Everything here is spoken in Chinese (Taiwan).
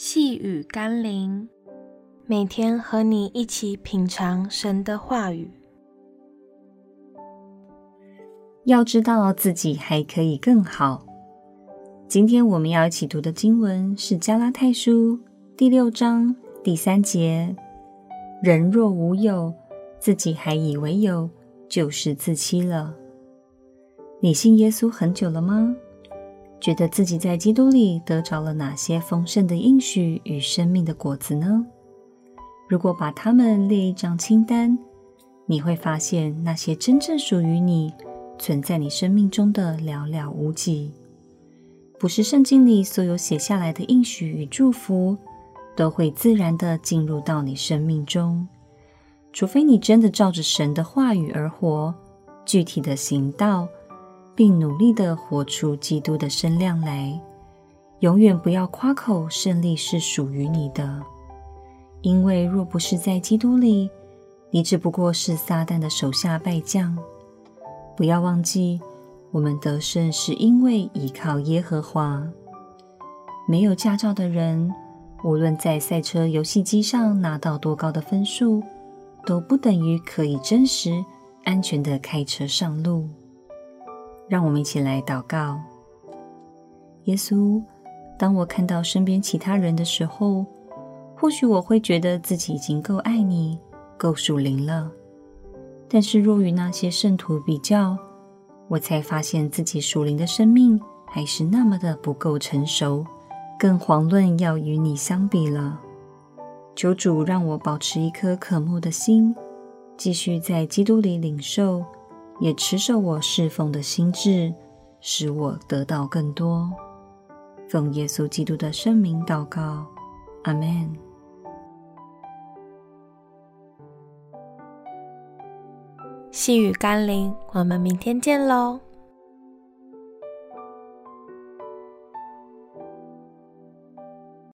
細語甘霖，每天和你一起品嘗神的話語。要知道自己還可以更好。今天我們要一起讀的經文是《加拉太書》第六章第三節：“人若無有，自己還以為有，就是自欺了。”你信耶穌很久了嗎？覺得自己在基督裡得着了哪些豐盛的應許與生命的果子呢？如果把它們列一張清單，你會發現那些真正屬於你、存在你生命中的寥寥無幾。不是聖經裡所有寫下來的應許與祝福，都會自然的進入到你生命中，除非你真的照着神的話語而活，具體的行道。並努力地活出基督的身量來，永遠不要誇口勝利是屬於你的，因為若不是在基督裡，你只不過是撒但的手下敗將。不要忘記，我們得勝是因為倚靠耶和華。沒有駕照的人，無論在賽車遊戲機上拿到多高的分數，都不等於可以真實、安全地開車上路。讓我們一起來禱告。耶穌，當我看到身邊其他人的時候，或許我會覺得自己已經夠愛你、夠屬靈了。但是若與那些聖徒比較，我才發現自己屬靈的生命還是那麼的不夠成熟，更遑論要與你相比了。求主讓我保持一顆渴慕的心，繼續在基督裡領受。也持守我事奉的心志，使我得到更多。奉耶穌基督的聖名禱告，阿門。細語甘霖，我們明天見嘍。